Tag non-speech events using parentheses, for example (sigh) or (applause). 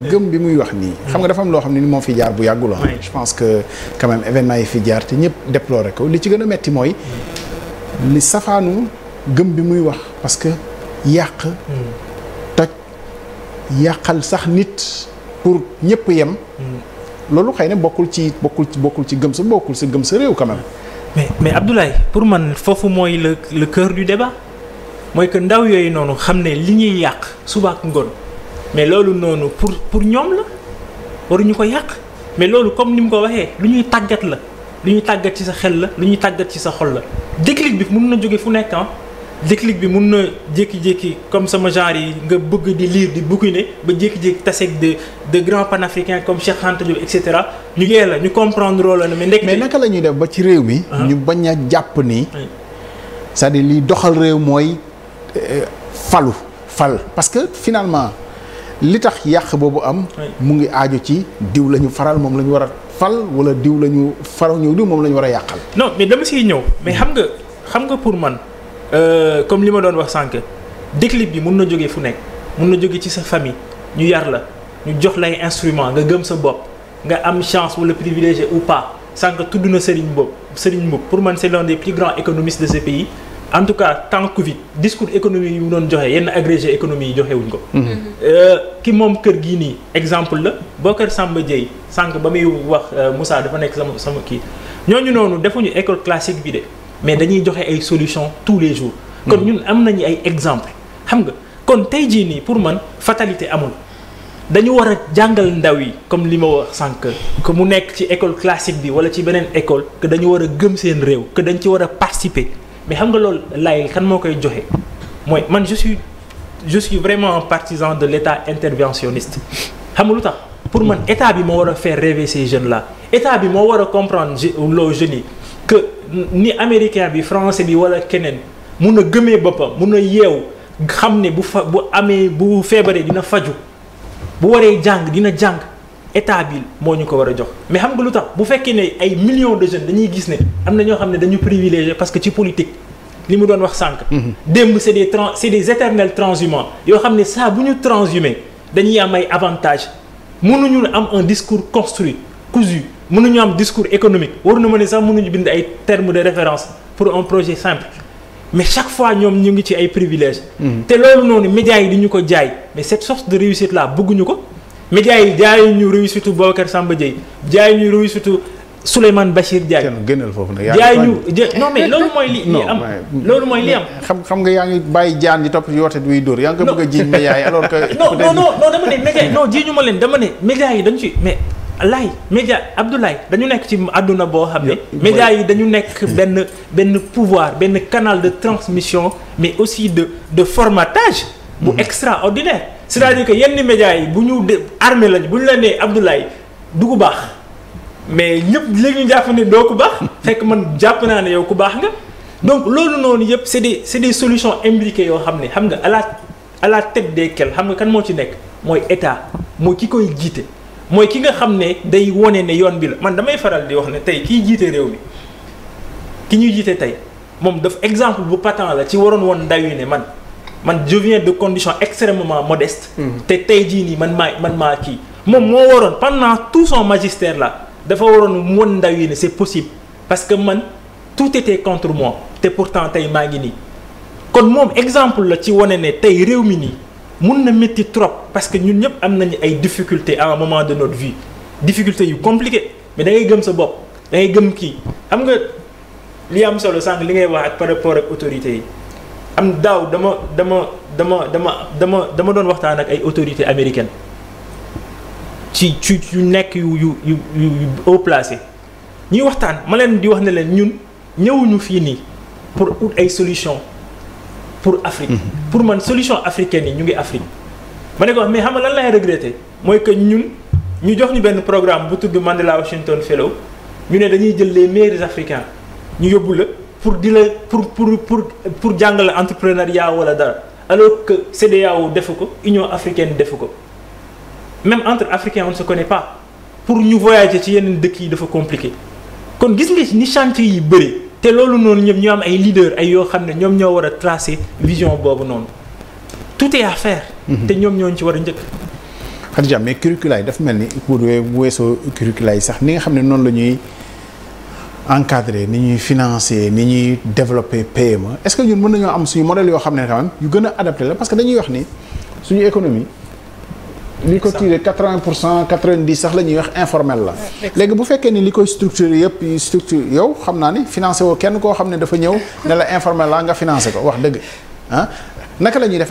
gëm bi muy wax nii. xam nga dafa am loo xam ne ni moom fi jaar bu yàggul ah. je pense que quand événement yi fi jaar te ñëpp déploré ko li ci gën a metti mooy. li safaanu gëm bi muy wax parce que yàq. Hmm. toj yàqal sax nit pour ñëpp yem. Hmm. loolu xëy na bokkul ci bokkul ci bokkul ci gëm sa bokkul sa gëm sa réew quand mais mais Abdoulaye pour man foofu mooy le le cœur du débat mooy que ndaw yooyu noonu xam ne li ñuy yàq suba ak ngoon. mais loolu noonu pour pour ñoom la waruñu ko yàq mais loolu comme ni mu ko waxee lu ñuy tàggat la lu ñuy tàggat ci sa xel la lu ñuy tàggat ci sa xol la déclic bi mun na jóge fu nekk ah déclic bi mun na jékki-jékki comme sama genre yi nga bëgg di liir di bouquiner ba jékki-jékki taseeg de de grands comme Cheikh Anta Diop et cetera ñu yee la ñu comprendre loolu la mais. ndekk mais naka la ñuy def ba ci réew mi. Ah. ñu bañ a jàpp ni. c'est-à-dire liy doxal réew mooy euh, falu fal parce que finalement. li tax yàq boobu am mu ngi aaju ci diw la ñu faral moom la ñu war a fal wala diw la ñu faral ñëw diw moom la ñu war a yàqal non mais dama siy ñëw mais xam nga xam nga pour man euh, comme li ma doon wax sànq déclic bi mun na jóge fu nekk mun na jóge ci sa famille ñu yar la ñu jox lay instrument nga gëm sa bopp nga am chance wala privilégié ou pas sànq tudd na Serigne Mboup Serigne Mboup pour man c'est l'un des plus grands économistes de sa pays en tout cas temps Covid discours économie yi mu doon joxe yenn agrégé économie yi joxe wuñ ko. Mhm. Euh, ki moom kër gii nii exemple la boo kër Samba Dieye sànq ba muy wax euh, Moussa dafa nekk sama sama kii ñooñu noonu defuñu école classique bi de mais dañuy joxe ay solution tous les jours. kon mhm. ñun am nañu ay exemple xam nga kon tey jii nii pour man fatalité amul dañu war a jàngal ndaw yi comme li ma wax sànq que mu nekk ci école classique bi wala ci beneen école que war a gëm seen réew que ci war a participer. mais xam nga loolu laay kan moo koy joxe mooy man je suis je vraiment un partisan de l'état interventionniste xam nga lu tax pour man hmm. état bi moo war a faire rêver ces jeunes là état bi moo war a comprendre loo jeunes yi que ni américain bi français bi wala keneen mun a gëmee boppam mun a yeew xam ne bu fa bu amee bu feebaree dina faju bu waree jàng dina jàng état bi moo ñu ko war a jox mais xam nga lu tax bu fekkee ne ay millions de jeunes dañuy gis ne am na ñoo xam ne dañu privilégié parce que ci politique li mu doon wax sànq. démb c'est des trans c'est des éternels transhumants yoo xam ne saa bu ñu transhumé dañuy am ay avantages mënuñu am un discours construit cousu mënuñu am discours économique war na ma ne sax mënuñu bind ay termes de référence pour un projet simple mais chaque fois ñoom ñu ngi ci ay privilèges. Mm-hmm. te loolu noonu média yi di ñu ko jaay mais cette source de réussite là bëgguñu ko. médias yi jaayuñu réussitu Bocar Samba Dièye jaayuñu réussitu Souleymane Bachir Diagne. kenn gënal foofu nag yaa ñu non mais loolu mooy li li am loolu mooy li am. xam xam nga yaa ngi bàyyi jaan di topp yoote duy dóor yaa ngi ko bëgg a jiiñ média yi alors que. (laughs) non non non dama ne (laughs) média leen dama ne média yi dañ ci mais laay média Abdoulaye dañu nekk ci àdduna boo xam ne. média yi dañu nekk benn benn pouvoir benn canal de transmission mais aussi de de formatage. bu mm-hmm. extraordinaire. c'est-à-dire que yenn média yi bu ñu armé lañ bu ñu la nee Abdoulaye du ku baax. mais ñëpp léegi ñu jàpp ne doo ku baax fekk man jàpp naa ne yow ku baax nga donc loolu noonu yëpp c'est des c'est des solution imbriquées yoo xam ne xam nga alaat alaat à la tête xam nga kan moo ci nekk mooy état mooy ki koy jiite mooy ki nga xam ne day wone ne yoon bi man damay faral di wax ne tey kiy jiite réew mi ki ñuy jiite tey moom daf exemple bu patent la ci waroon woon ndaw yi ne man man je de conditions extrêmement modestes mm-hmm. te tey jii nii man maa man maa kii moom moo waroon pendant tout son magistère là dafa waroon won ndaw yi ne c'est possible parce que man tout était contre moi te pourtant tey maa ngi nii kon moom exemple la ci wane ne tey réew mi nii mun na métti trop parce que ñun ñëpp am nañu ay difficultés à moment de notre vie difficultés yu compliquées mais da ngay gëm sa bopp da ngay gëm kii am nga li am solo sànq li ngay wax ak par rapport ak autorités yi am daaw dama dama dama dama dama dama doon waxtaan ak ay autorités américaines ci ci yu nekk yu yu yu yu haut placé ñuy waxtaan ma leen di wax ne leen ñun ñëwuñu fii nii pour ut ay solution pour Afrique. Mhm. pour man solution africaine yi ñu ngi Afrique. ma ne ko wax mais xam la lan laay regretter mooy que ñun ñu jox ñu benn programme bu tudd Mandela Washington Fellow ñu ne dañuy jël les meilleurs africains ñu yóbbu la pour di la pour pour pour pour jàngale entrepreneuriat wala dara alors que CEDEAO defu ko Union africaine defu ko. même entre africains on ne se pas pour ñu voyager ci yeneen dëkk yi dafa compliqué kon gis nga ni chantier yi bëri te loolu noonu ñoom ñu am ay leaders ay yoo xam ne ñoom ñoo war a tracer vision boobu noonu tout est à faire. Mhm. te ñoom ñoo ci war a njëkk. Khadija mais curricula yi dafa mel ni pour weesoo curricula yi sax ni nga xam ne noonu la ñuy encadrer ni ñuy financer ni ñuy développer PME est-ce ñun mën nañoo am suñu modèle yoo xam ne tamit yu gën a adapté parce que dañuy wax ni suñu économie. li ko tiré quatre vingt pour cent quatre vingt dix sax la ñuy wax informel la. léegi bu fekkee ni li koy structure yëpp yi structure yow xam naa ni financé woo kenn koo xam ne dafa ñëw ne la informel la nga financé ko wax dëgg ah naka la ñuy def.